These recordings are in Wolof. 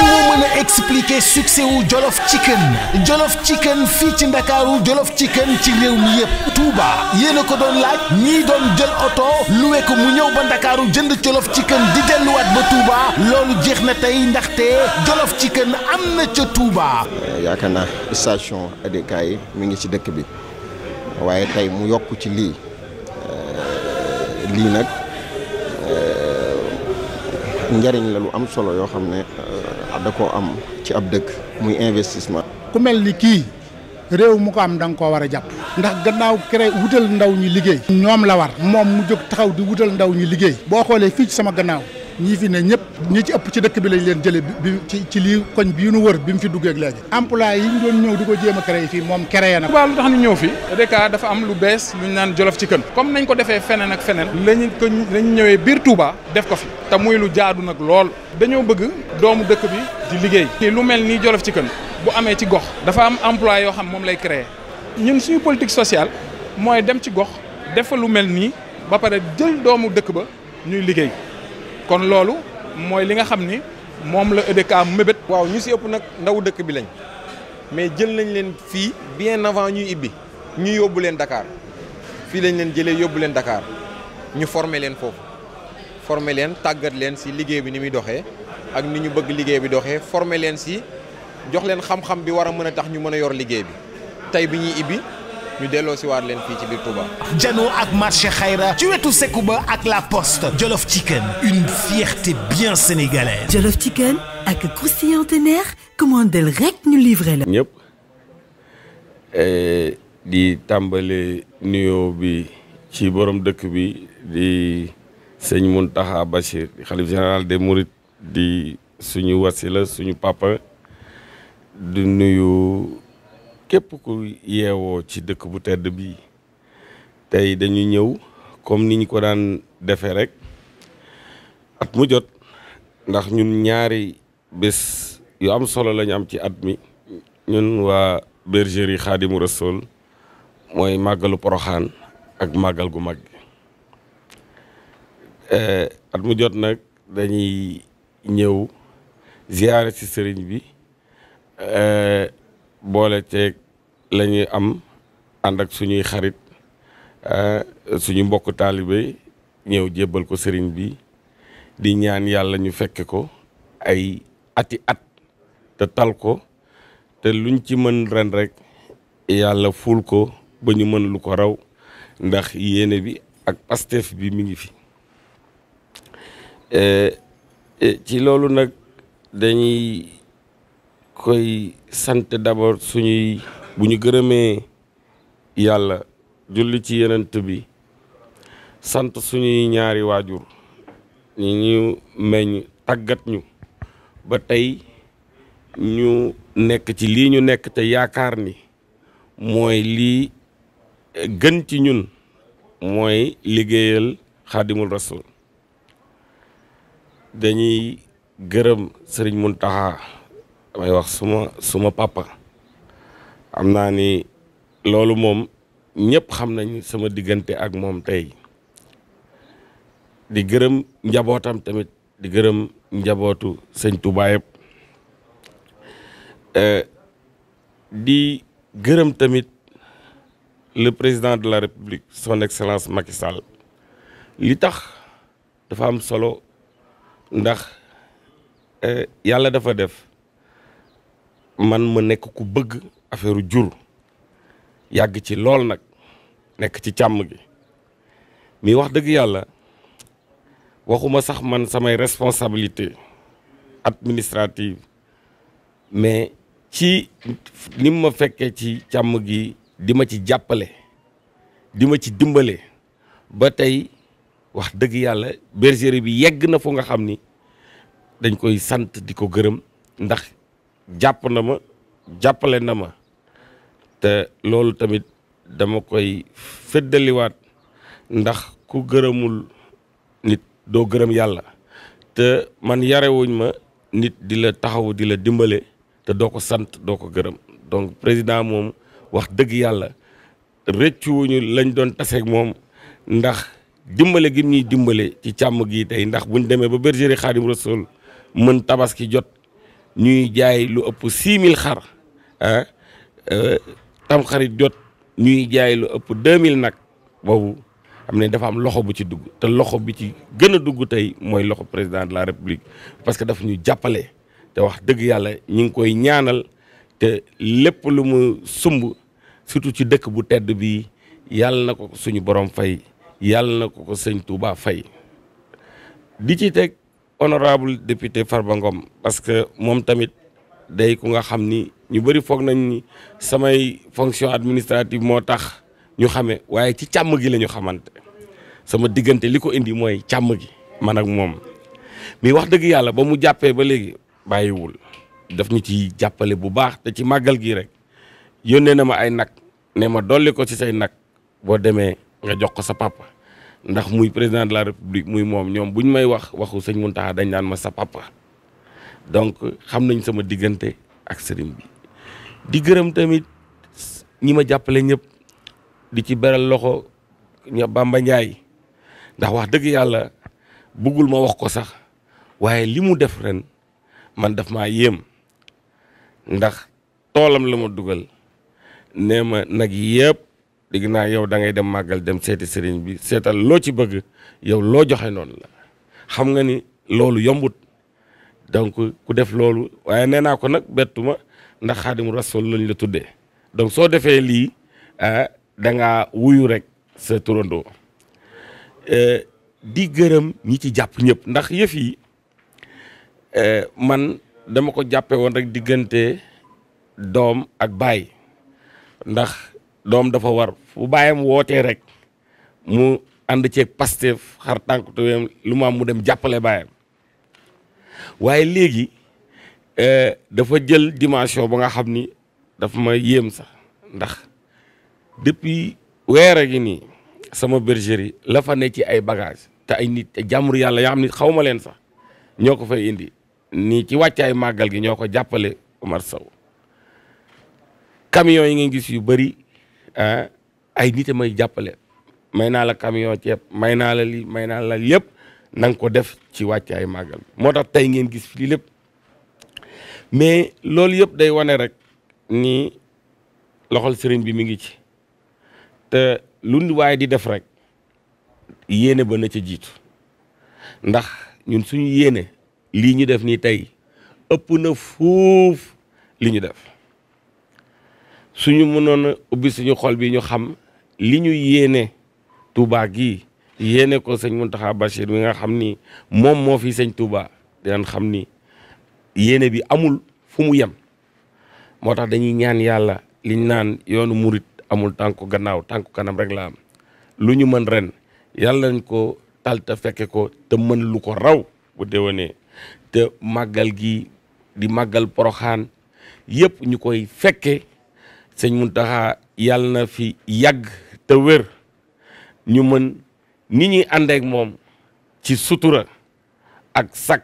moo mën a expliquer succès wu Jolof Chicken Jolof Chicken fii ci Ndakaaru Jolof Chicken ci réew mi yëpp Touba yéen ko doon laaj ñii doon jël oto luwe wekk mu ñëw ba Ndakaaru jënd Jolof Chicken di delluwaat ba Touba loolu jeex na tey ndaxte Jolof Chicken am na ca Touba. Eh, yaakaar naa station ADK yi ngi ci dëkk bi waaye tey mu yokk ci lii eh, lii nag eh, njariñ la lu am solo yoo xam ne da koo am ci ab dëkk muy investissement. ku mel ni kii réew mu ko am danga ko war a jàpp. ndax gannaaw créé wutal ndaw ñi liggéey. ñoom la war moom mu jóg taxaw di wutal ndaw ñi liggéey. boo xoolee fii ci sama gannaaw. ñii fi ne ñëpp ñii ci ëpp ci dëkk bi lañ leen jële bi ci ci lii koñ bii nu wër bi mu fi duggee ak léegi emploi yi ñu doon ñëw di ko jéem a créé fii moom créé na Touba lu tax ñu ñëw fi Deka dafa am lu bees lu ñu naan jolof ci kën comme nañ ko defee feneen ak feneen lañu ko lañu ñëwee biir Touba def ko fi te muy lu jaadu nag lool dañoo bëgg doomu dëkk bi di liggéey te lu mel nii jolof ci kën bu amee ci gox dafa am emploi yoo xam moom lay créé ñun suñu politique sociale mooy dem ci gox defa lu mel nii ba pare jël doomu dëkk ba ñuy liggéey kon loolu mooy li nga xam ni moom la EDK mébét. waaw ñu si ëpp nag ndaw dëkk bi lañ mais jël nañ leen fii bien avant ñuy ibbi ñu yóbbu leen Dakar fii lañ leen jëlee yóbbu leen Dakar ñu former leen foofu former leen tàggat leen si liggéey bi ni muy doxee ak ni ñu bëgg liggéey bi doxee former leen si jox leen xam-xam bi war a mën a tax ñu mën a yor liggéey bi tey bi ñuy ibbi. ñu delloo si waat leen fii ci biir Touba. janoo ak marché xayra ci wetu Sékouba ak la poste Jollof Chicken une fierté bien sénégalaise. Jollof Chicken ak croustillante neex commandel rek ñu livré la. ñëpp e, di tàmbale nuyo bi ci borom dëkk bi di sëñ Mountakha Bachir xalif général des Mourides di suñu wasila suñu papa di nuyu. képp ku yeewoo ci dëkk bu tedd bii tey dañu ñëw comme ni ñu ko daan defee rek at mu jot ndax ñun ñaari bés yu am solo lañu am ci at mi ñun waa bergerie Xaadimu Rasuul mooy màggalu Poroxaan ak màggal gu mag eh, at mu jot nag dañuy ñëw ziyaare ci sëriñ bi eh, boole teeg lañuy am ànd ak suñuy xarit eh, suñu mbokk taalibe ñëw jébbal ko sëriñ bi di ñaan yàlla ñu fekke ko ay ati at te tal ko te luñ ci mën ren rek yàlla fuul ko ba ñu mën lu ko raw ndax yéene bi ak pastef bi mi ngi fi eh, eh, ci loolu nag dañuy koy sant d'abord suñuy bu ñu gërëmee yàlla julli ci yenent bi sant suñuy ñaari waajur ñi ñu meññ tàggat ñu ba tey ñu nekk ci lii ñu nekk te yaakaar ni mooy lii gën ci ñun mooy liggéeyal xaadimul rasul dañuy gërëm sëriñ Muntaxa damay wax suma suma papa am naa ni loolu moom ñëpp xam nañ sama diggante ak moom tey di gërëm njabootam tamit di gërëm njabootu sëñ Touba yëpp eh, di gërëm tamit le président de la république son excellence Macky li tax dafa am solo ndax eh, yàlla dafa def man ma nekk ku bëgg affaire jur yàgg ci lool nag nekk ci càmm gi mi wax dëgg yàlla waxuma sax man samay responsabilité administrative mais ci nim ma fekkee ci càmm gi di ma ci jàppale dima ci dimbale ba tey wax dëgg yàlla bergerie bi yegg na fu nga xam ni dañ koy sant di ko gërëm ndax jàpp na ma jàppale na ma te loolu tamit dama koy feddaliwaat ndax ku gërëmul nit doo gërëm yàlla te man yarewuñ ma nit di la taxawu di la dimbale te doo ko sant doo ko gërëm donc président moom wax dëgg yàlla rëccuwuñu lañ doon taseeg moom ndax dimbale gi ñuy dimbale ci càmm gii tey ndax bu buñ demee ba bergerie Xaadim Rasul mën tabaski jot ñuy jaay lu ëpp six mille xar ah euh, tamxarit jot ñuy jaay lu ëpp deux mille nag boobu xam ne dafa am loxo bu ci dugg te loxo bi ci gën a dugg tey mooy loxo président de la république parce que daf ñu jàppale te wax dëgg yàlla ñu ngi koy ñaanal te lépp lu mu sumb surtout ci dëkk bu tedd bi yàlla na ko suñu borom fay yàlla na ko ko sëñ Touba fay di ci teg honorable député Farba Ngom parce que moom tamit day ku nga xam ni ñu bëri foog nañ ni samay fonction administrative moo tax ñu xame waaye ci càmm gi lañu ñu xamante sama diggante li ko indi mooy càmm gi man ak moom mais wax dëgg yàlla ba mu jàppee ba léegi bàyyiwul daf ñu ci jàppale bu baax te ci màggal gi rek yónnee na ma ay nag ne ma dolli ko ci say nag boo demee nga jox ko sa papa ndax muy président de la république muy moom ñoom bu ñu may wax waxu sëñ Mountakha dañ naan ma sa papa donc xam nañ sama diggante ak sëriñ bi di gërëm tamit ñi ma jàppale ñëpp di ci beral loxo ña Bamba Ndiaye ndax wax dëgg yàlla buggul ma wax ko sax waaye li mu def ren man def maa yéem ndax toolam la ma dugal nee ma nag yëpp léegi naa yow da ngay dem màggal dem seeti sëriñ bi seetal loo ci bëgg yow loo joxe noonu la xam nga ni loolu yombut donc ku def loolu waaye nee naa ko nag bettuma ndax xaadimu rasul ñu la tuddee donc soo defee lii ah, da ngaa wuyu rek sa turandoo euh, di gërëm ñi ci jàpp ñëpp ndax yëf yi euh, man dama ko jàppe woon rek diggante doom ak baay ndax doom dafa war fu bàyyam wootee rek mu ànd ceeg Pastef xar tànk tuweem lu mu am mu dem jàppale bàyyam waaye léegi euh, dafa jël dimension ba nga xam ni dafa ma yéem sax ndax depuis weer a gi nii sama bergerie la fa ne ci ay bagage te ay nit jàmbur yàlla yaa xam ni xaw ma leen sax ñoo ko fay indi nii ci wàccaay màggal gi ñoo ko jàppale Omar Sow yi ngeen gis yu bëri Ah, ay nit a may jàppale may naa la camion ceeb may naa la lii may naa la lépp na nga ko def ci wàccaay màggal moo tax tey ngeen gis fii lépp mais loolu yëpp day wane rek ni loxol sëriñ bi mi ngi ci te lu waaye di def rek yéene ba na ca jiitu ndax ñun suñu yéene lii ñu def nii tey ëpp na fuuf li ñu def suñu mënoon a ubbi suñu xol bi ñu xam li ñu yéene Touba gi yéene ko sëñ Mountakha Bachir mi nga xam ni moom moo fi sëñ Touba dinañ xam ni yéene bi amul fu mu yem moo tax dañuy ñaan yàlla liñ naan yoonu murit amul tànku gannaaw tànku kanam rek la am lu ñu mën ren yàlla nañ ko tal te fekke ko te mën lu ko raw bu déwénee te màggal gi di màggal poroxaan yëpp ñu koy fekke sëñ Muntaxa yàlla na fi yàgg te wér ñu mën ni ñuy àndeek moom ci sutura ak sag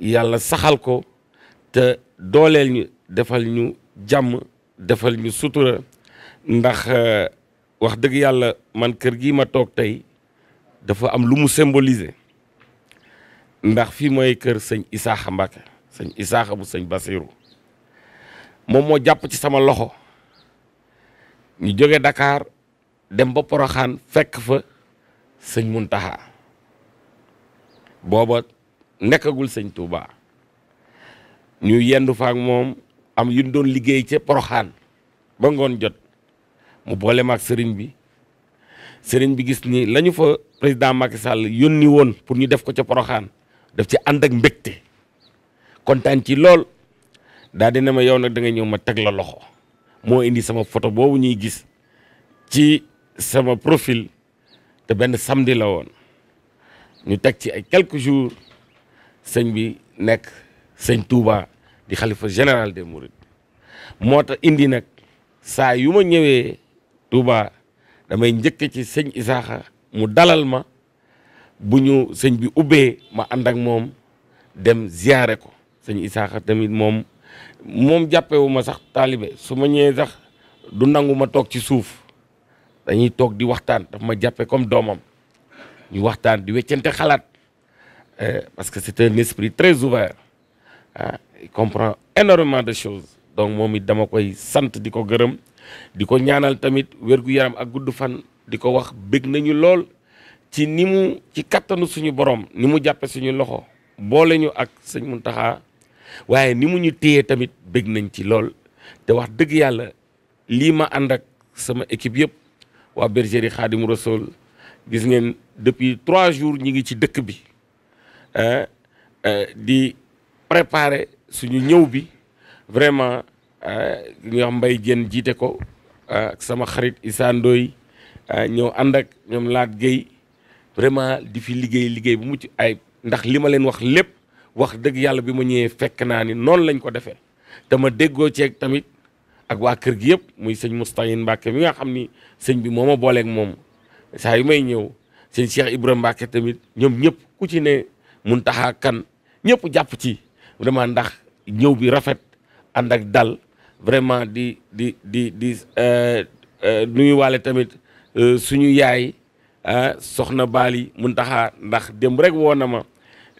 yàlla saxal ko te dooleel ñu defal ñu jàmm defal ñu sutura ndax euh, wax dëgg yàlla man kër gi ma toog tey dafa am lu mu symboliser ndax fii mooy kër sëñ Isaaxa Mbàkke sëñ Isaaxa bu sëñ Basiru moom moo jàpp ci sama loxo ñu jóge Dakar dem ba Poroxaan fekk fa sëñ Muntaxa booba nekkagul sëñ Touba ñu yendu fa ak moom am yu doon liggéey ci Poroxaan ba ngoon jot mu boole maag sëriñ bi sëriñ bi gis nii lañu fa président Macky Sall yónni woon pour ñu def ko ca Poroxaan daf ci ànd ak mbégte kontaan ci lool daal di ne ma yow nag da ñëw ma teg la loxo. moo indi sama photo boobu ñuy gis ci sama profil te benn samdi la woon ñu teg ci ay quelques jours sëñ bi nekk sëñ Touba di xalifa général des Mourides moo tax indi nag saa yu ma ñëwee Touba damay njëkk ci sëñ Isaaxa mu dalal ma bu ñu sëñ bi ubbee ma ànd ak moom dem ziyaare ko sëñ Isaaxa tamit moom. moom jàppewu ma sax taalibe su ma ñëwee sax du nangu ma toog ci suuf dañuy toog di waxtaan daf ma jàppe comme doomam ñu waxtaan di weccante xalaat eh, parce que c'est un esprit très ouvert ah il comprend énormément de chose donc moom it dama koy sant di ko gërëm di ko ñaanal tamit wér yaram ak gudd fan di ko wax bëgg nañu lool ci ni mu ci kattanu suñu borom ni mu jàppe suñu loxo boole ñu ak sëñ Muntaxa waaye ni mu ñu téye tamit bëgg nañ ci lool te wax dëgg yàlla lii ma ànd ak sama équipe yëpp waa bergerie Khadim Rassoul gis ngeen depuis trois jours ñi ngi ci dëkk bi euh, di prépare suñu ñëw bi vraiment euh, ñu wax mbay jën jiite ko euh, ak sama xarit Issa Ndoye ñëw ànd ak ñoom laat géey vraiment di fi liggéey liggéey bu mucc ay ndax li ma leen wax lépp wax dëgg yàlla bi ma ñëwee fekk naa ni noon lañ ko defee te ma déggoo ceeg tamit ak waa kër gi yëpp muy sëñ Moustahine Mbacke mi nga xam ni sëñ bi moo ma booleek moom saa yi may ñëw sëñ Cheikh Ibrahima Mbacke tamit ñoom ñëpp ku ci ne mun taxaa kan ñëpp jàpp ci vraiment ndax ñëw bi rafet ànd ak dal vraiment di di di di euh, euh, nuyu waale tamit euh, suñu yaay ah, soxna Bali mun taxaa ndax démb rek woo na ma.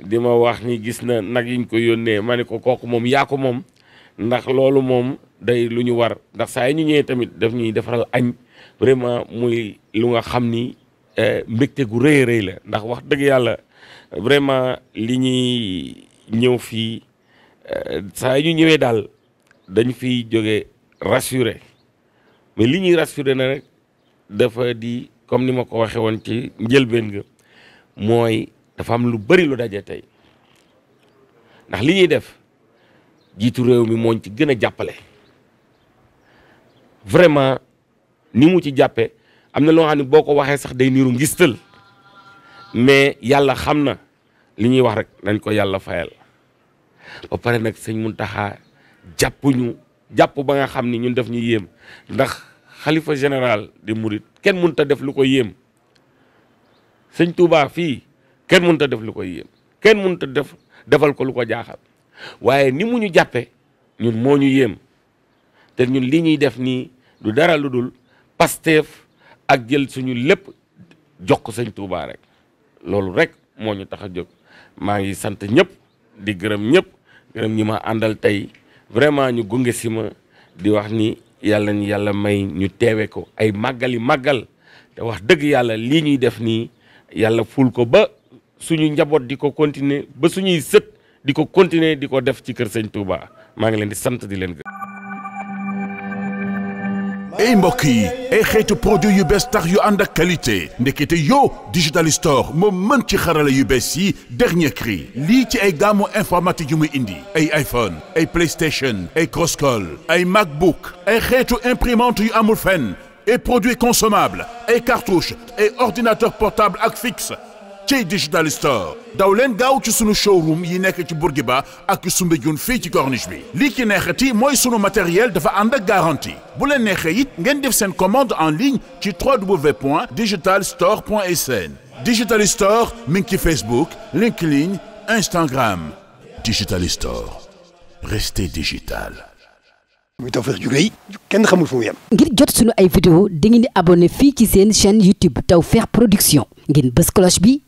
di ma wax ni gis na nag yiñ ko yónnee ma ne ko kooku moom yaa ko moom ndax loolu moom day lu ñu war ndax saa yi ñu ñëwee tamit daf ñuy defaral añ vraiment muy lu nga xam ni eh, mbégte gu rëy rëy la ndax wax dëgg yàlla vraiment li ñuy ñëw fii eh, saa ñu ñëwee daal dañ fiy jóge rassuré mais li ñuy rassuré na rek dafa di comme ni ma ko waxee woon ci njëlbeen ga mooy dafa am lu bëri lu daje tey ndax li ñuy def jiitu réew mi mooñ ci gën a jàppale vraiment ni mu ci jàppe am na loo xam ne boo ko waxee sax day niiru ngistal mais yàlla xam na li ñuy wax rek nañ ko yàlla fayal ba pare nag sëñ Muntaxa jàpp ñu jàpp ba nga xam ni ñun def ñu yéem ndax xalifa général di murit kenn mënut a def lu ko yéem sëñ Touba fii kenn mënut a def lu ko yéem kenn mënut a def defal ko lu ko jaaxal waaye ni mu ñu jàppe ñun moo ñu yéem te ñun lii ñuy def nii du dara lu dul Pastef ak jël suñu lépp jox ko sëñ Tuubaa rek loolu rek moo ñu tax a jóg maa ngi sant ñëpp di gërëm ñëpp gërëm ñi ma àndal tey vraiment ñu gunge si ma di wax ni yàlla ñu yàlla may ñu teewe ko ay màggali màggal te wax dëgg yàlla lii ñuy def nii yàlla ful ko ba suñu njaboot di ko continuer ba suñuy sët di ko continuer di ko def ci kër sëñ Touba maa ngi leen di sant di leen gërëm. ay mbokk yi ay xeetu produit yu bees tax yu ànd ak qualité ndekete yow digital store moo mën ci xarala yu bees yi dernier cri lii ci ay gamme informatique yu muy indi ay iPhone ay PlayStation ay Crosscall ay MacBook ay xeetu imprimante yu amul fenn ay produits consommables ay cartouches ay ordinateur portable ak fixe ci digital store daw leen gaaw ci sunu showroom yi nekk ci Bourguiba ak Soumbédioune fii ci corniche bi lii ci neexati mooy sunu matériel dafa ànd ak garantie bu leen neexee it ngeen def seen commande en ligne ci www.digitalstore.sn digital store mi ngi ci Facebook LinkedIn Instagram digital store restez digital. muy Tawfekh ju kenn xamul fu mu yem. ngir jot sunu ay vidéo dangeen di abonné fii ci seen chaîne YouTube Tawfekh Production ngeen bës cloche bi.